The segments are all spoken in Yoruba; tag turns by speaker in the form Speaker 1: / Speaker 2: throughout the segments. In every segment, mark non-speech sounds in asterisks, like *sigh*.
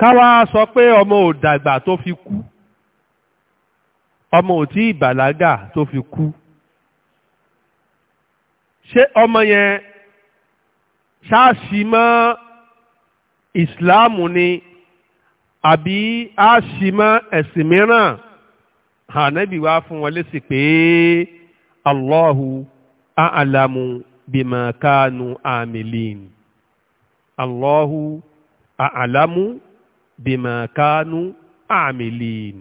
Speaker 1: káwá sọ pé ọmọ ò dàgbà tó fi kú ọmọ ò tí ìbàlágà tó fi kú ṣé ọmọ yẹn ṣáàṣì mọ́ ìsìláàmù ni àbí àṣì mọ́ ẹ̀sìn mìíràn ànábì wá fún wọn lésì pé Allahu aalamu bima kanu amilin Allahu aalamu bìmọ̀kánú àmìlìn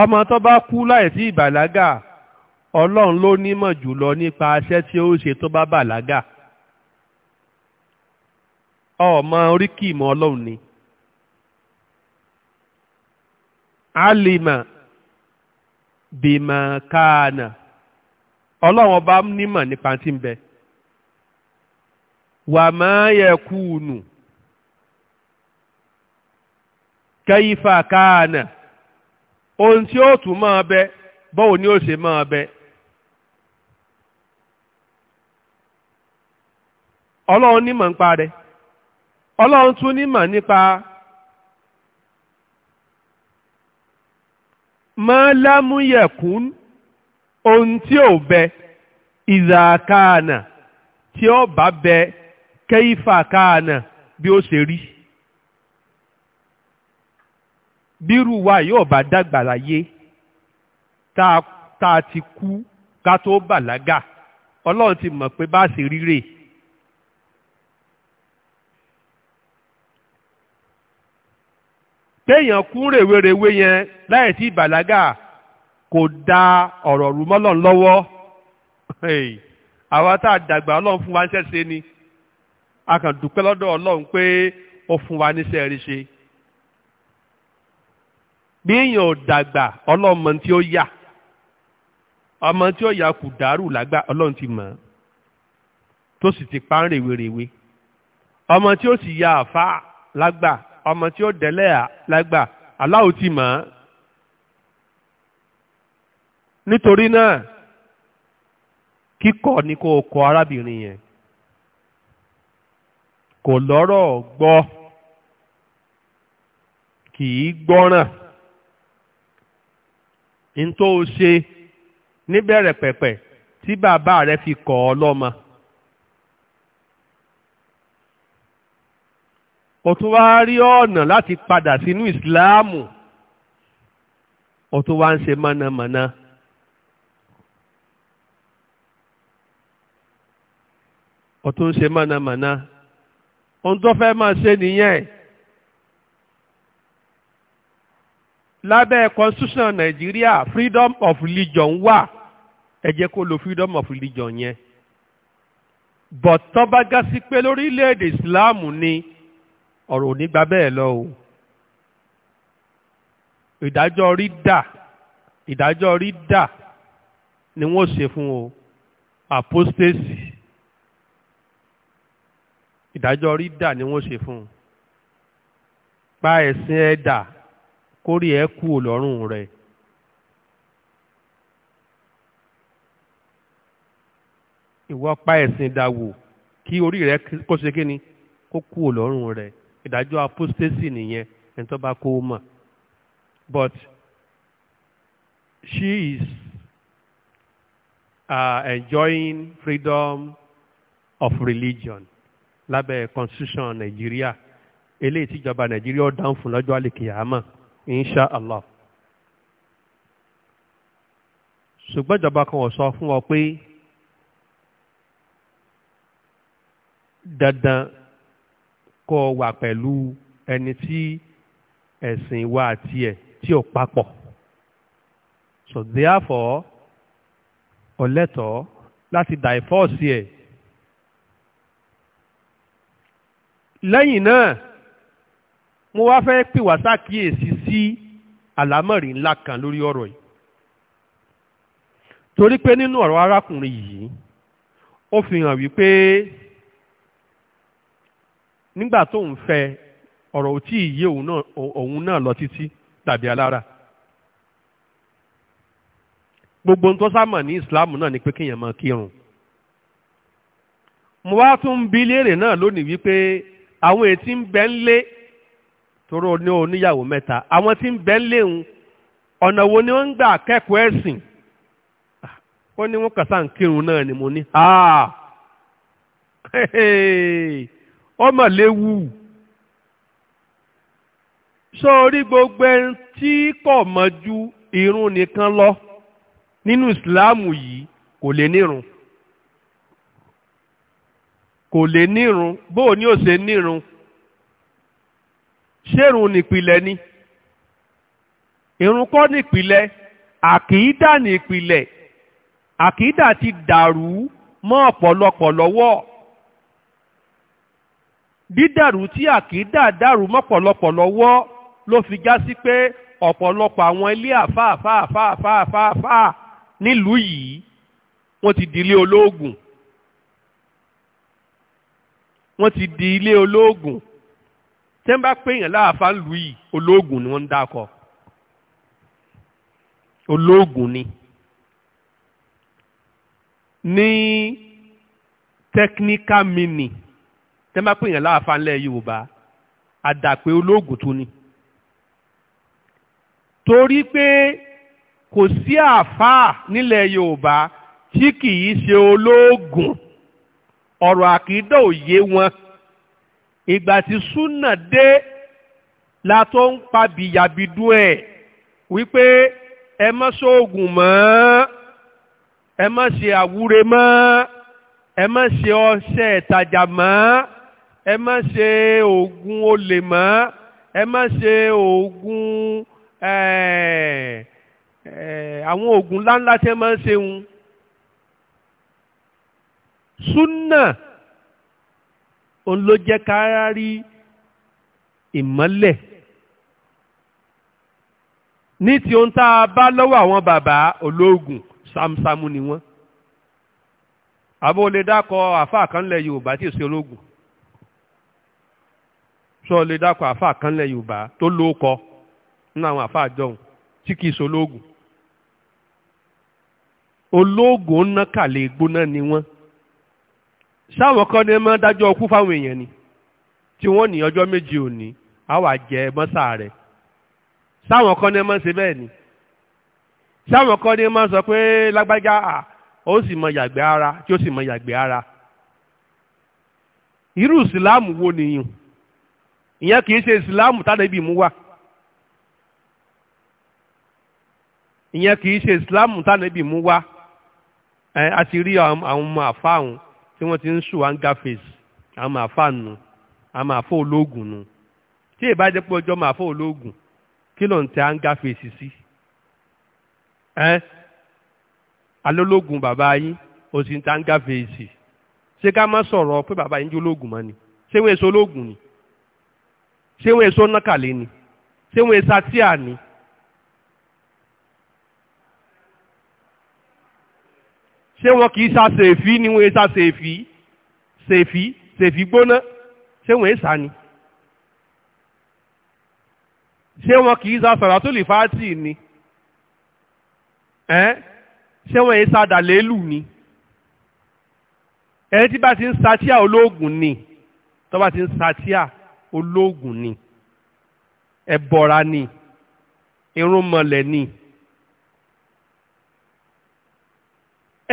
Speaker 1: ọmọ tó bá kú láìsí ìbàlágà ọlọ́run ló nímọ̀ jùlọ nípa aṣẹ́ tí ó ṣe tó bá bàlágà ọmọ oríkì ìmọ̀ ọlọ́run ni alima bìmọ̀kánà ọlọ́run ọba nímọ̀ nípa tí ń bẹ wàmáyẹkùnù kẹ́yífà káànà ohun tí ó tún máa bẹ bọ́wọ́ ni ó ṣe máa bẹ. ọlọ́run nímọ̀ nípa rẹ̀ ọlọ́run tún nímọ̀ nípa máa lámúyẹ̀kún ohun tí ó bẹ ìzà ìzàkáànà tí ó bá bẹ kẹ́yífà káànà bí ó ṣe rí. bírú wa yóò bá dàgbà láyé tá a ti kú ká tó bàlágà ọlọ́run ti mọ̀ pé bá a ṣe ríre. téèyàn kú rèwerèwe yẹn láì tí bàlágà kò da ọ̀rọ̀ rú mọ́lọ̀ lọ́wọ́ àwa tá a dàgbà ọlọ́run fún wa ń ṣẹ̀ṣẹ̀ ni a kàn dúpẹ́ lọ́dọ̀ ọlọ́run pé ó fún wa níṣẹ́ rí ṣe bí èèyàn ò dàgbà ọlọ́mọ tí ó yà ọmọ tí ó yà kù dàrú lágbà ọlọ́run ti mọ̀ ọ́ tó sì ti pa ń rèwerèwe ọmọ tí ó sì ya àfa lágbà ọmọ tí ó dẹ́lẹ̀ lágbà aláwo ti mọ̀ ọ́ nítorí náà kíkọ́ ni kó o arábìnrin yẹn kò lọ́rọ̀ gbọ́ kì í gbọ́ràn ń tó o ṣe níbẹ̀rẹ̀ pẹ̀pẹ̀ tí bàbá rẹ fi kọ̀ ọ́ lọ́mọ. o tún wá rí ọ̀nà láti padà sínú ìsìláàmù o tún wá ń ṣe mọ̀nàmọ́ná. o tún ń ṣe mọ̀nàmọ́ná. ohun tó fẹ́ máa ṣe nìyẹn. lábẹ́ constitution Nigeria, freedom of religion wà ẹ jẹ́ kó lo freedom of religion yẹn but tó bá ga sí pé lórílẹ̀‐èdè islam ni ọ̀rọ̀ ò ní gba bẹ́ẹ̀ lọ o ìdájọ́ rí dà ìdájọ́ rí dà ni wọ́n ṣe fún o apostasy ìdájọ́ rí dà ni wọ́n ṣe fún o pa ẹ̀sìn ẹ̀ kórè ẹ kú ọlọ́run rẹ̀. ìwọ pa ẹ̀sìn dàwò kí orí rẹ kó ṣe kí ni kó kú ọlọ́run rẹ̀ ìdájọ́ apostasy nìyẹn ẹni tó bá kó o mọ̀ but she is uh, enjoying freedom of religion lábẹ́ constitution nàìjíríà eléyìí tíjọba nàìjíríà ọ̀dàn fún lọ́jọ́ àlèkè àmọ́ insha allah ṣùgbọ́n ìjọba kan ò sọ fún ọ pé dandan kó wà pẹ̀lú ẹni tí ẹ̀sìn wa àti ẹ̀ tí ò papọ̀ so therefore ọ̀lẹ́tọ̀ láti dàìfọ́ọ̀sì ẹ̀ lẹ́yìn náà mo wá fẹ́ pè wá sákìyèsí sí àlámọ̀rí ńlá kan lórí ọ̀rọ̀ yìí torí pé nínú ọ̀rọ̀ arákùnrin yìí ó fi hàn wípé nígbà tó ń fẹ́ ọ̀rọ̀ ò tí ì yé òun náà lọ títí tàbí alára gbogbo ohun tó sámọ̀ ní ìsìláàmù náà ni pé kéèyàn máa kírun mo wá tún bí léèrè náà lónìí wípé àwọn ètí ń bẹ ń lé toró ní oníyàwó mẹ́ta àwọn tí ń bẹ́ ń léhun wo ni wọ́n ń gbà kẹ́kọ̀ọ́ ẹ̀sìn ah, ó ní wọ́n nkiru ń kírun náà ni mo ní ọmọ ah! léwu sórí gbogbo ẹni tí kò mọ̀ irun nìkan lọ nínú ìsìláàmù yìí kò lè nírun kò lè nírun bóò ni ó ṣérun nípìlẹ̀ ni irun kọ́ nípìlẹ̀ àkìídà nípìlẹ̀ àkìídà ti dàrú mọ́ ọ̀pọ̀lọpọ̀ lọ́wọ́ dídàrú tí àkìídà dàrú mọ́ ọ̀pọ̀lọpọ̀ lọ́wọ́ ló fi já sí pé ọ̀pọ̀lọpọ̀ àwọn ilé àfáàfáàfáàfáàfáà nílùú yìí wọ́n ti di ilé olóògùn wọ́n ti di ilé olóògùn tẹ́ ń bá péyàn láàfá lù yìí olóògùn ni wọ́n ń dákọ̀ olóògùn ni ní technical meaning tẹ́ ń bá péyàn láàfá ńlẹ̀ Yorùbá àdàpé olóògùn tún ni torí pé kò sí àáfàá nílẹ̀ Yorùbá tí kì í ṣe olóògùn ọ̀rọ̀ àkídọ̀ òye wọn ìgbà tí súnà dé la tó ń pa bìyàbìdú ẹ̀ wípé ẹ má ṣoògùn mọ́ ẹ má ṣe àwúre mọ́ ẹ má ṣe ọṣẹ ìtajà mọ́ ẹ má ṣe oògùn olè mọ́ ẹ má ṣe oògùn eh, eh, àwọn oògùn ńláńlá tí ẹ máa súnà òun ló jẹ́ ká rí ìmọ́lẹ̀ ní ti ohun tá a bá lọ́wọ́ àwọn bàbá ológun samsamu ni wọ́n àbó lè dákọ àfáà kan lẹ̀ Yorùbá tí ì sí ológun sọ lè dákọ àfáà kan lẹ̀ Yorùbá tó lóókọ nínú àwọn àfáà jọ̀hún tí kì í ṣológun ológun náà kàlẹ́ gbóná ni wọ́n sáwọn kan ní máa dájọ́ ọkú fáwọn èèyàn ni tí wọ́n ní ọjọ́ méje òní àwà jẹ mọ́sà rẹ̀ sáwọn kan ní máa ṣe bẹ́ẹ̀ ni sáwọn kan ní máa sọ pé lágbájá ó sì mọ ara tí ó sì mọ ara irú ìsìláàmù wo nìyẹn ìyẹn kì í ṣe ìsìláàmù tádé ibi mú wá ìyẹn kì í ṣe ìsìláàmù tádé ibi mú tí wọ́n ti ń ṣù anga face àwọn màáfà nu àwọn màáfà ológun nu tí èbá jẹ́ pé ọjọ́ màáfà ológun kí ló ń tẹ anga face sí ẹ́ alólógun bàbá yín ó sì ń tẹ anga face ṣé ká má sọ̀rọ̀ pé bàbá yín jẹ́ ológun mọ́ ni ṣé wọ́n èso ológun ni ṣé wọ́n èso nákàlẹ́ ni ṣé wọ́n èso atíà ni. ṣé wọn kì í sa ṣèfì ni wọn sa ṣèfì ṣèfì ṣèfì gbóná ṣé wọn èsà ni ṣé wọn kì í sa sàràtúlì fáàtì ni ẹ ṣé wọn èsà dàlélù ni ẹni tí bá ti ń satíà olóògùn ni tó bá ti ń satíà olóògùn ni ẹbọra ni irúnmọlẹ̀ ni.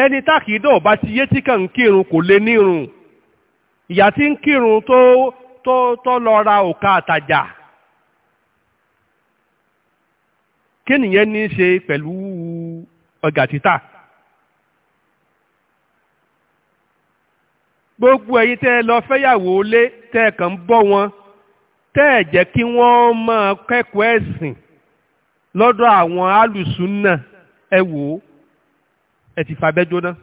Speaker 1: ẹni tákìdọ̀ ọba ti yé tí kàn ń kírun kò lè nírun ìyá tí ń kírun tó tó tó lọ ra òkà àtàjà kí nìyẹn ní í ṣe pẹ̀lú ọjà títà gbogbo ẹ̀yin tẹ́ ẹ lọ fẹ́yàwó lé tẹ́ ẹ kàn ń bọ́ wọn tẹ́ ẹ jẹ́ kí wọ́n máa kẹ́kọ̀ọ́ ẹ̀sìn lọ́dọ̀ àwọn alùsùn náà ẹ wò ó ẹ ti fi abẹ́ jóná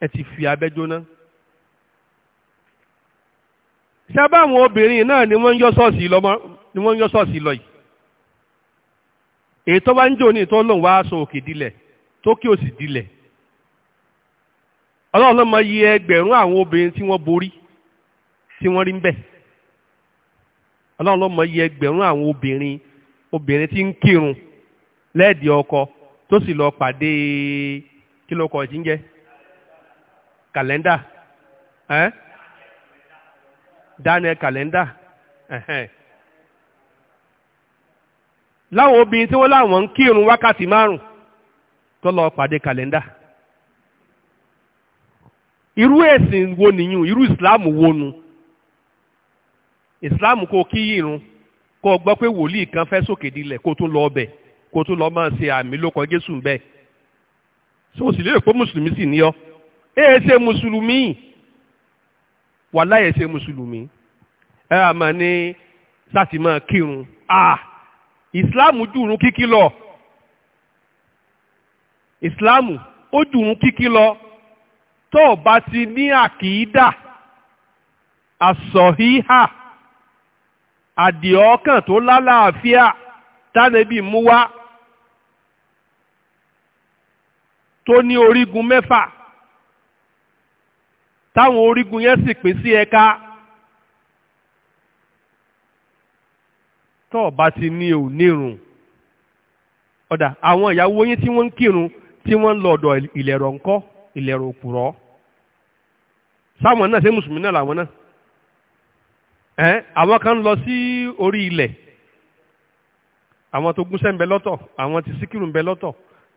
Speaker 1: ẹ ti fi abẹ́ jóná sábà àwọn obìnrin náà ni wọ́n ń yọ ṣọ́ọ̀ṣì lọ ni wọ́n ń yọ ṣọ́ọ̀ṣì lọ yìí Ètò tó bá ń jò ní ìtọ́ lòun wá aṣọ òkè dilẹ̀ tó òsì dilẹ̀ ọlọ́run ló mọ iye ẹgbẹ̀rún àwọn obìnrin tí wọ́n borí tí wọ́n rí ń bẹ̀ ọlọ́run ló mọ ẹgbẹ̀rún àwọn obìnrin obìnrin tí ń kírun lẹ́ẹ̀dì ọkọ tó sì lọ pàdé kílọkọ ló kọ jíjẹ kàlẹ́ndà ẹ́n Daniel kàlẹ́ndà láwọn obìnrin tí wọ́n láwọn ń kírun wákàtí márùn tó lọ pàdé kàlẹ́ndà irú ẹ̀sìn wo nìyún irú ìsìláàmù wo nu ìsìláàmù kò kí irun kò gbọ́ pé wòlíì kan fẹ́ sókè dilẹ̀ kó tún lọ ọbẹ̀ kó tó lọ máa ṣe àmì ló kọ Jésù bẹ́ẹ̀ so sì lérò pé mùsùlùmí sì ní ọ ẹ ṣe mùsùlùmí wàláhì ẹ ṣe mùsùlùmí ẹ à máa ní láti máa kírun ah ìsìláàmù jùrún kíkí lọ ìsìláàmù ó jùrún kíkí lọ tó o bá ti ní àkìídà àsọ̀híhà àdìọ́kàn tó lálàáfíà tánẹ́bì mú wá tó ní orígun mẹ́fà táwọn orígun yẹn sì pín sí ẹ̀ka tó bá ti ní ò nírun ọ̀dà àwọn ìyàwó yín tí wọ́n ń kírun tí wọ́n ń lọ ọ̀dọ̀ ìlẹ̀rọ̀ ńkọ́ ìlẹ̀rọ̀ òpùrọ̀ sáwọn náà ṣé mùsùlùmí náà làwọn náà ẹ̀ àwọn kan lọ sí orí ilẹ̀ àwọn tó gúnṣẹ́ ń bẹ lọ́tọ̀ àwọn tí síkírù ń bẹ lọ́tọ̀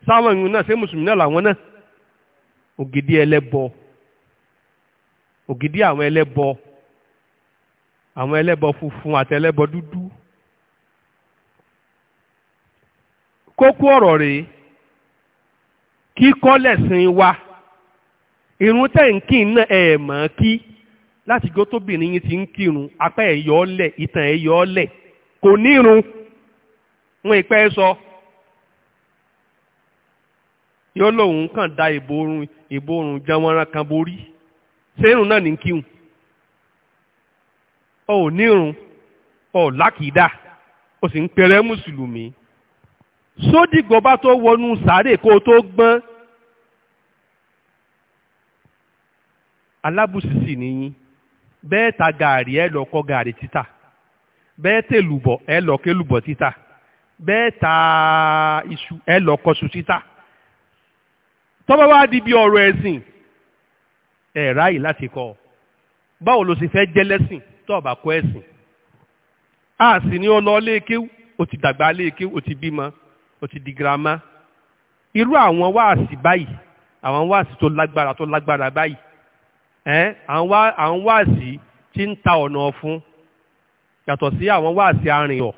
Speaker 1: sáwọn ìrún náà ṣé mùsùlùmí náà làwọn náà ògidì ẹlẹ́bọ ògidì àwọn ẹlẹ́bọ àwọn ẹlẹ́bọ funfun àti ẹlẹ́bọ dúdú kókó ọ̀rọ̀ rèé kíkọ́ lẹ̀sìn wa irun náà ẹ̀ mọ̀ kí láti ti ń kírun apá ẹ̀ yọ ọ́ lẹ̀ ìtàn ẹ̀ yọ ọ́ lẹ̀ yóò lóun kàn da ìborun ìborun jẹmọ́ran kan borí sẹ́rùn náà ní kíhùn ọ ò nírun ọ ò lákìídà o sì ń pẹrẹ mùsùlùmí sódìgbò bá tó wọnú sàárè kó o tó gbọ́n alábùsísì nìyí bẹ́ẹ̀ ta gààrí ẹ lọ kọ́ gààrí títà bẹ́ẹ̀ tèlùbọ̀ ẹ lọ kélùbọ̀ títà bẹ́ẹ̀ ta iṣu ẹ lọ kọ́ṣu títà tọ́ba wá di bí ọ̀rọ̀ ẹ̀sìn ẹ̀ ráàyè láti kọ́ báwo ló sì fẹ́ jẹ́ lẹ́sìn tọ́ọ̀bà kọ́ ẹ̀sìn a sì ní ọlọ́ léèké o ti dàgbà léèké o ti bímọ o ti di girama irú àwọn wáàsì báyìí àwọn wáàsì tó lágbára tó lágbára báyìí ẹ̀ àwọn wáàsì tí ń ta ọ̀nà ọ̀fun yàtọ̀ sí àwọn wáàsì arìnrìn ọ̀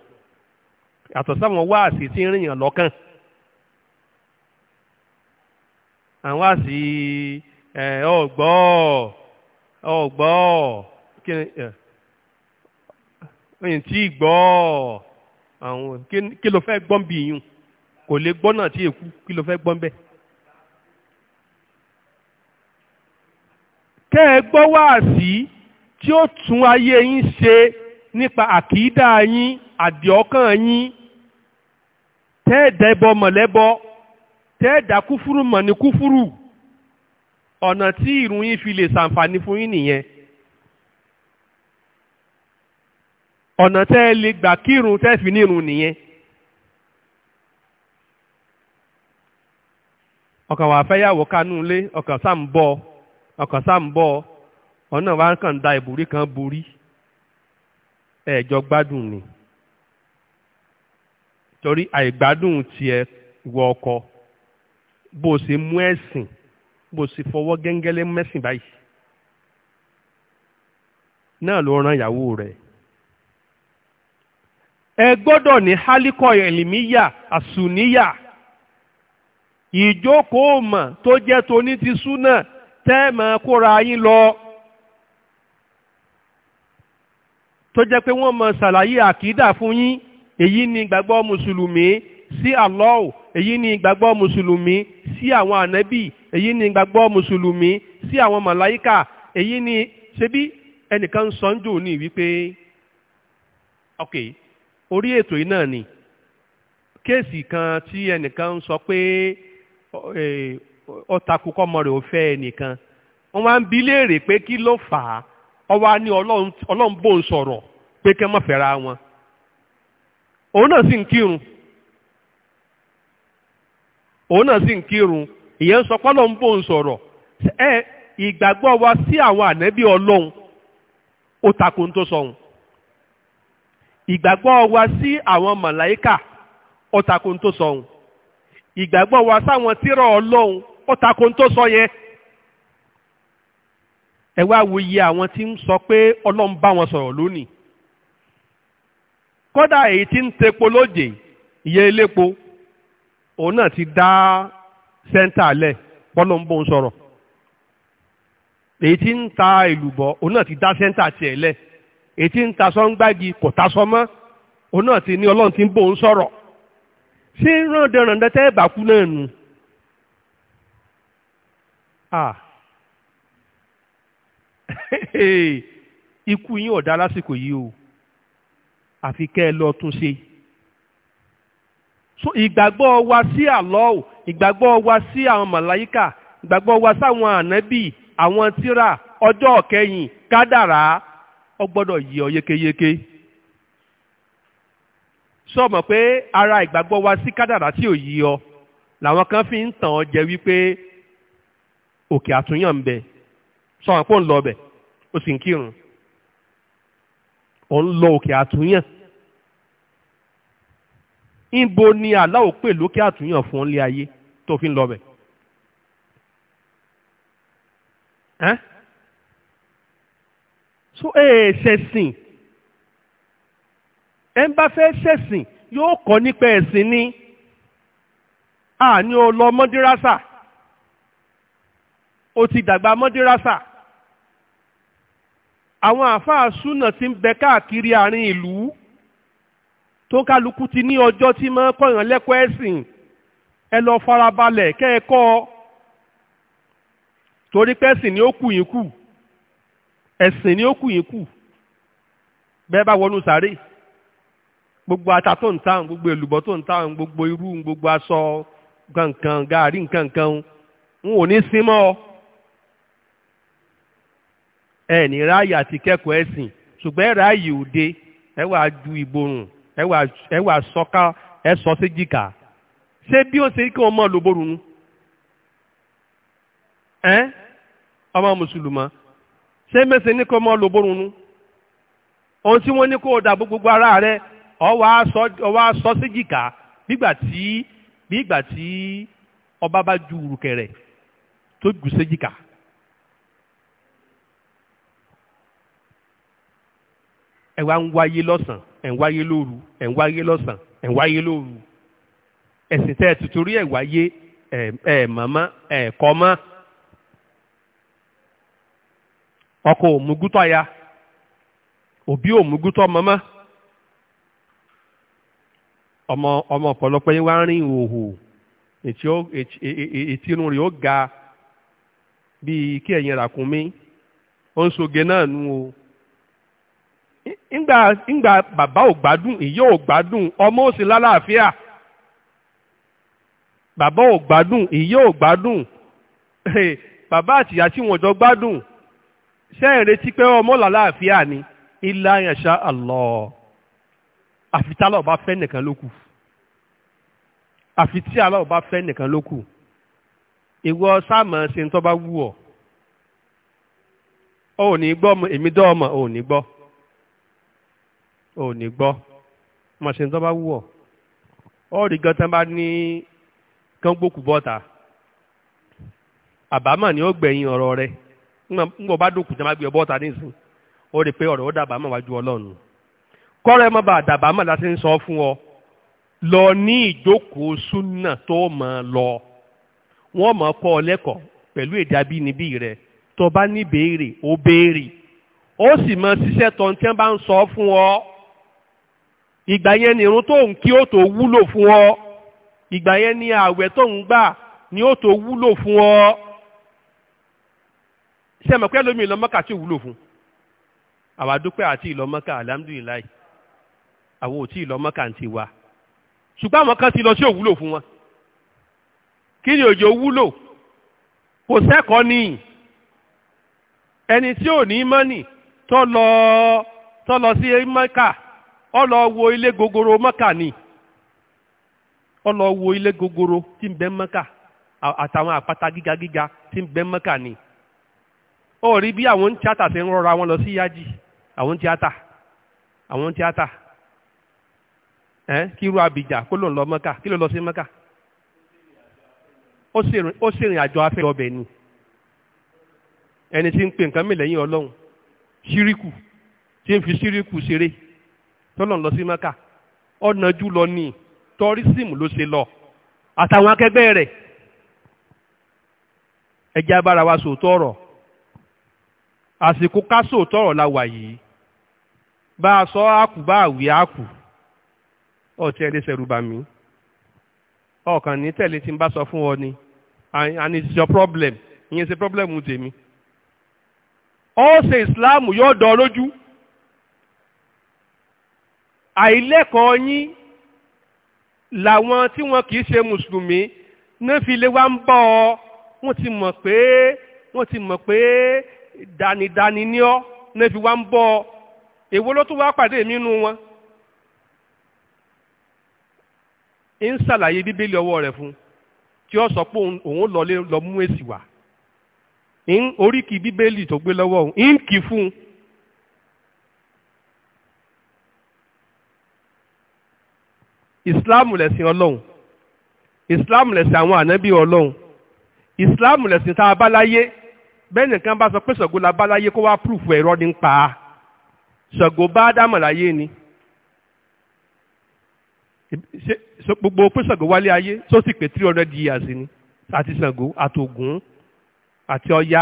Speaker 1: yàtọ̀ sí àwọn wáàsì tí ń rìnyàn lọ́kàn. àwọn àṣì ẹ ọgbọ ọgbọ kí ni ẹ ẹyìn tí gbọ àwọn kí ló fẹ́ gbọ́n bí yìí kò lè gbọ́ náà tí èkú kí ló fẹ́ gbọ́n bẹ́ẹ̀. kẹ́ ẹ gbọ́ wáàsí tí ó tún ayé yín ṣe nípa àkìdá yín àdìọ́kàn yín tẹ́ ẹ̀dẹ́bọ mọ̀lẹ́bọ. tẹ́ẹ̀dá kúfúrú mọ̀ ní kúfúrú ọ̀nà tí ìrun yín fi lè ṣàǹfààní fún yín nìyẹn ọ̀nà tẹ́ ẹ lè gbà kírun tẹ́ fi nírun nìyẹn ọkàn wà fẹ́yàwó kánú lé ọkàn sáà ń bọ̀ ọkàn sáà ń bọ̀ ọ̀nà wa kàn da ìbòrí kan borí ẹ̀ẹ́jọ gbádùn ni torí àìgbádùn tiẹ̀ wọ ọkọ. bó o ṣe mú ẹ̀sìn bó o ṣe fọwọ́ gẹ́ngẹ́lẹ́ mẹ́sìn báyìí náà ló ran ìyàwó rẹ̀ ẹ gbọ́dọ̀ ní hálíkọ̀ ẹ̀lìmíyà àsùníyà ìjókòó mọ̀ tó jẹ́ toní ti súnà tẹ́ẹ̀mọ̀ kóra yín lọ tó jẹ́ pé wọ́n mọ̀ ṣàlàyé àkídà fún yín èyí ni gbàgbọ́ mùsùlùmí sí Allah èyí ni ìgbàgbọ́ mùsùlùmí sí àwọn ànábì èyí ni ìgbàgbọ́ mùsùlùmí sí àwọn màláíkà èyí ni ṣebí ẹnìkan ń sọ ń jò ní wípé ok orí ètò yìí náà ni kéèsì kan tí ẹnìkan ń sọ pé ọtakù kọ́mọ rẹ̀ ò fẹ́ ẹnìkan wọ́n wá ń bi léèrè pé kí ló fà á ọwọ́ á ní ọlọ́run bò ń sọ̀rọ̀ pé kẹ́ mọ̀ fẹ́ra wọn òun náà sì ń kírun òun náà sì ń kírun ìyẹn sọ pé Ọlọ́run bò ń sọ̀rọ̀ ẹ ìgbàgbọ́ wa sí àwọn ànábì Ọlọ́run ó takun tó sọ̀hún ìgbàgbọ́ wa sí àwọn màláíkà ó takun tó sọ̀hún ìgbàgbọ́ wa sáwọn tírà Ọlọ́run ó takun tó sọ yẹn ẹ wá wo iye àwọn tí ń sọ pé Ọlọ́run bá wọn sọ̀rọ̀ lónìí kódà èyí tí ń tepo lóde ìyẹn elépo òun náà ti dá sẹ́ńtà lẹ̀ bọ́lọ́mbó ń sọ̀rọ̀ èyí tí ń ta èlùbọ́ òun náà ti dá sẹ́ńtà tiẹ̀ lẹ̀ èyí tí ń ta sọ́ngbági kò ta sọ mọ́ òun náà ti ní ọlọ́run ti ń bò ń sọ̀rọ̀ ṣé rándanràndan tẹ́ ẹ̀bà kú náà nù. *laughs* ikú yín ọ̀dá lásìkò yìí o àfi kẹ́ ẹ lọ tún ṣe. so ìgbàgbọ́ wa sí àlọ́ọ̀ ìgbàgbọ́ wa sí àwọn màláyíkà ìgbàgbọ́ wa sáwọn ànábì àwọn tírà ọjọ́ kẹyìn kádàrá ọ gbọ́dọ̀ yí ọ yékéyéké sọ mọ̀ pé ara ìgbàgbọ́ wa sí kádàrá tí ò yí ọ làwọn kan fi ń tàn ọ jẹ wípé òkè àtúnyàn ń bẹ sọ wọn pé ó ń lọ ọbẹ ó sì ń kírun ó ń lọ òkè àtúnyàn. níbo ni aláwọ̀ pè lókè àtúnyàn fún ilé ayé tó fi ń lọ bẹ̀. Eh? so ẹ ṣẹ̀sìn ẹ ń bá fẹ́ ṣẹ̀sìn yóò kọ́ nípa ẹ̀sìn ni àní o lọ mọ́dírásà o ti dàgbà mọ́dírásà àwọn àáfàá súnà ti ń bẹ káàkiri àárín ìlú. tó kálukú ti ní ọjọ́ tí máa kọ̀yàn lẹ́kọ̀ọ́ ẹ̀sìn ẹ lọ farabalẹ̀ kẹ́ẹ̀kọ́ torí pé ẹ̀sìn ni ó kù yín kù ẹ̀sìn ni ó kù yín kù bẹ́ẹ̀ bá wọnú sàárè gbogbo ata tó ń tàn gbogbo èlùbọ́ tó ń tàn gbogbo irú gbogbo aṣọ kankan gaari nkankan n ò ní símọ́ ọ ẹ ní ráàyè àti kẹ́kọ̀ọ́ ẹ̀sìn ṣùgbọ́n ẹ ráàyè òde ẹ wàá ju ìborùn ẹ wà sọ́ká ẹ sọ sí jìkà ṣé bí ó ṣe kí wọ́n mọ̀ lóborù nu ẹ́ ọmọ mùsùlùmọ́ ṣé mẹ́sẹ̀ ní kí wọ́n mọ̀ lóborù nu ohun tí wọ́n ní kó o dàbò gbogbo ara rẹ ọ wá sọ sí jìkà nígbà tí nígbà tí ọba bá ju urùkẹ̀rẹ̀ tó jù sí jìkà. ẹ wá ń wáyé lọ́sàn-án ẹ̀ ń wáyé lóru ẹ̀ ń wáyé lọ́sàn ẹ̀ ń wáyé lóru ẹ̀sìn tẹ́ ẹ̀ tuntun rí ẹ̀ wáyé ẹ̀ mọ̀mọ́ ẹ̀ kọ́ mọ́ ọkọ òmùgútọ̀ ya òbí òmùgútọ̀ mọ́mọ́ ọmọ ọmọ ọ̀pọ̀lọpọ̀ yín wá rìn ìhòhò ètí inú rẹ̀ ó ga bíi kí ẹ̀yin ràkúnmí ó ń soge náà nú o ńgbà ńgbà bàbá ò gbádùn ìyá ò gbádùn ọmọ ò sí lálàáfíà bàbá ò gbádùn ìyá ò gbádùn bàbá àtìyá tí wọn jọ gbádùn ṣé ẹ pé ọmọ lálàáfíà ni ilá yànṣá Allah àfi tí aláwọ̀ bá fẹ́ nìkan ló kù àfi tí aláwọ̀ bá fẹ́ nìkan ló kù ìwọ sáàmù ṣe ń tọ́ bá wù ọ́ ò ní gbọ́ èmi dọ́ ọmọ ò ní gbọ́. ò ní gbọ́ mọ̀ ṣe ń bá wù ọ́ ọ́ rí gan tán bá ní kán gbókù bọ́ta ni ó gbẹ̀yìn ọ̀rọ̀ rẹ ńgbọ́ bá dòkù tán bá gbé bọ́ta nísìn ó rí pé ọ̀rọ̀ ó wájú ọlọ́run láti ń sọ fún ọ lọ ní ìjókòó súnà tó lọ ọ èdè abínibí rẹ tó bá ní ìgbà yẹn ni irun tó ń kí ó tó wúlò fún ọ ìgbà yẹn ni ààwẹ̀ tó ń gbà ni ó tó wúlò fún ọ ṣe mọ̀ pé lómi ìlọ́mọ́kà tí ò wúlò fún àwa àti ìlọ́mọ́kà alhamdulilayi àwọn ò tí ń ti wa ṣùgbọ́n àwọn kan ti lọ sí òwúlò fún wọn kí ni òjò wúlò kò sẹ́kọ̀ọ́ ni ẹni tí ò ní mọ́nì tó lọ tó lọ sí mọ́kà. ó lọ ilé gogoro mọ́kà ni ó lọ ilé gogoro ti ń bẹ mọ́kà àtàwọn àpáta ti ń ni ó rí bí àwọn tíátà ti ń rọra wọn lọ sí yájì àwọn tíátà àwọn tíátà ẹ kíru kó ló ń lọ mọ́kà kí ló lọ sí mọ́kà ó sì rìn afẹ́ ọbẹ̀ tọ́lọ̀ ń lọ sí mẹ́kà ọ̀nà jù lọ ní tọ́rísìmù ló ṣe lọ àtàwọn akẹgbẹ́ rẹ̀ ẹjẹ́ abára wa sòótọ́ ọ̀rọ̀ àsìkò ká sòótọ́ ọ̀rọ̀ la wà yìí bá a sọ àkù bá àwì àkù ọ̀tí ẹ̀ lè ṣẹ̀rù bà mí ọ̀kan ní tẹ̀lé tí n bá sọ fún ọ ni and it's your problem ìyẹn ṣe problem tèmi ó ṣe yóò dán lójú àìlẹ́kọ̀ọ́ yín làwọn tí wọn kì í ṣe mùsùlùmí náà fi lé wá ń bọ̀ ọ́ wọ́n ti mọ̀ pé wọ́n ti mọ̀ pé dànìdànì ni ọ́ náà fi wá ń bọ̀ ọ́ èwo ló tún wá pàdé mi nínú wọn. ń ṣàlàyé bíbélì ọwọ́ rẹ̀ fún tí ó sọ pé òun lọ mú èsì wá oríkì bíbélì tó gbé lọ́wọ́ òun ń kì í fún un. islam lẹ̀sìn ọlọ́run islam lẹ̀sìn àwọn ànábì ọlọ́run islam lẹ̀sìn tá a bá láyé bẹ́ẹ̀ nìkan bá sọ pé ṣàgó la bá láyé kó wá proof ẹ̀rọ ní pa á ṣàgó bá dámọ̀ láyé ni gbogbo pé ṣàgó wálé ayé tó sì pé three hundred years ni àti ṣàgó àtògùn àti ọya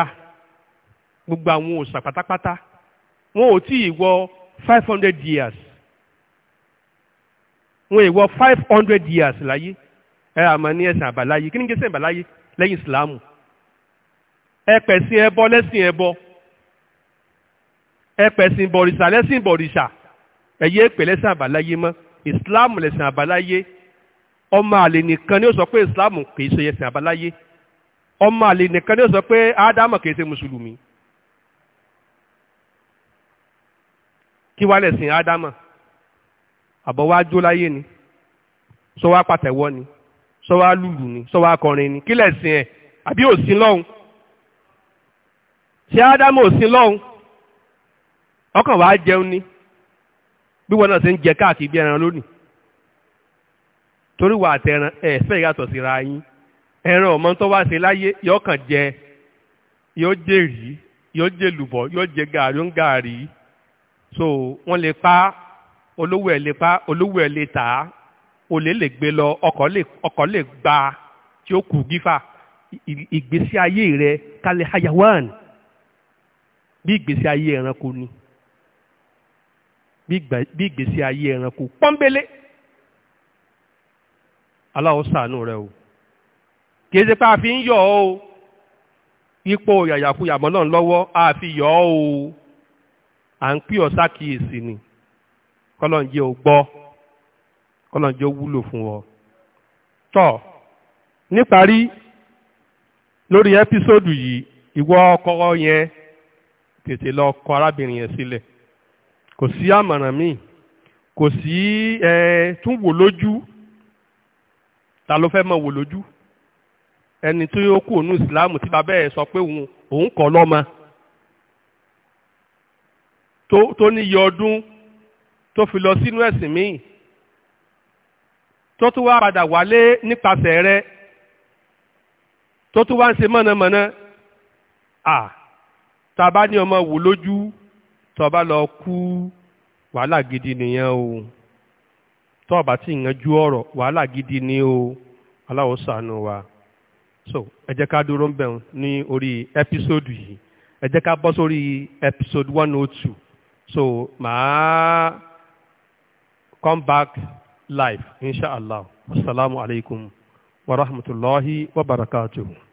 Speaker 1: gbogbo àwọn òòṣà pátápátá wọn ò tí ì wọ five hundred years wọn ìwọ five hundred years láyé ẹ àmọ́ ní ẹ̀sìn àbáláyé kí ni kí ẹ̀sìn àbáláyé lẹ́yìn ìsìláàmù ẹ pẹ̀sìn ẹbọ lẹ́sìn ẹbọ ẹ pẹ̀sìn bọ̀rìṣà lẹ́sìn bọ̀rìṣà ẹ yé pè lẹ́sìn àbáláyé mọ́ ìsìláàmù lẹ́sìn àbáláyé ọmọ àlè nìkan ni ó sọ pé ìsìláàmù kì í ṣe ẹ̀sìn àbáláyé ọmọ àlè nìkan ni ó sọ pé ádámù kì í ṣe mùsùlùmí kí wá lẹ̀sìn ádámù àbọ̀ wá jó láyé ni sọ wá pàtẹ́wọ́ ni sọ wá lùlù ni sọ wá kọrin ni kílẹ̀ sìn ẹ̀ àbí òsín lọ́hùn ṣé ádámù òsín lọ́hùn ọkàn wàá jẹun ni bí wọn náà ṣe ń jẹ káàkiri bí ẹran lónìí torí wà àtẹran ẹ fẹ́ yàtọ̀ síra yín ẹran ọmọ tó wá ṣe láyé yóò kàn jẹ yóò jẹ rí yóò jẹ lùbọ yóò jẹ gàrí ó ń gàrí so wọn lè pa olówó ẹ̀ lè pa olówó ẹ̀ lè tà á olè lè gbé lọ ọkọ̀ lè gba tí ó kù gífà ìgbésí ayé rẹ kalẹ̀ hayawan bí ìgbésí ayé ẹranko ni bí ìgbésí ayé ẹranko pọ́nbélé Allah ó rẹ o kì pé a fi ń yọ̀ ọ́ o ipò yàyàkuyà mọ́ náà lọ́wọ́ a fi yọ̀ ọ́ o à ń pè ọ́ sákìyèsí ni. kọ́lọ́njẹ́ ò gbọ́ kọ́lọ́njẹ́ ó wúlò fún ọ. tọ́ níparí lórí ẹ́písòdù yìí ìwọ ọkọ yẹn tètè lọ kọ arábìnrin yẹn sílẹ̀ kò sí àmọ̀ràn míì kò sí ẹ tún wò lójú ta ló fẹ́ mọ̀ wò lójú ẹni tí ó kù nù ìsìláàmù tí bàbá ẹ̀ sọ pé òun kọ́ lọ́mọ tó níye ọdún tó fi lọ sínú ẹ̀sìn míì tó tún wá padà wálé nípasẹ̀ rẹ tó tún wá ń ṣe mọ̀nàmọ́ná à tàbá ní ọmọ wò lójú tọba lọ kú wàhálà gidi nìyẹn o tọ́ọ̀bà tí ìyanjú ọ̀rọ̀ wàhálà gidi ni o aláwo ṣàánú wa so ẹ jẹ́ ká dúró ń bẹ̀rù ní orí ẹ́písòdù yìí ẹ jẹ́ ká bọ́ sórí ẹ́písòdù one oh two so màá come back live inshallah assalamu alaikum wa rahmatullahi wa barakatuhu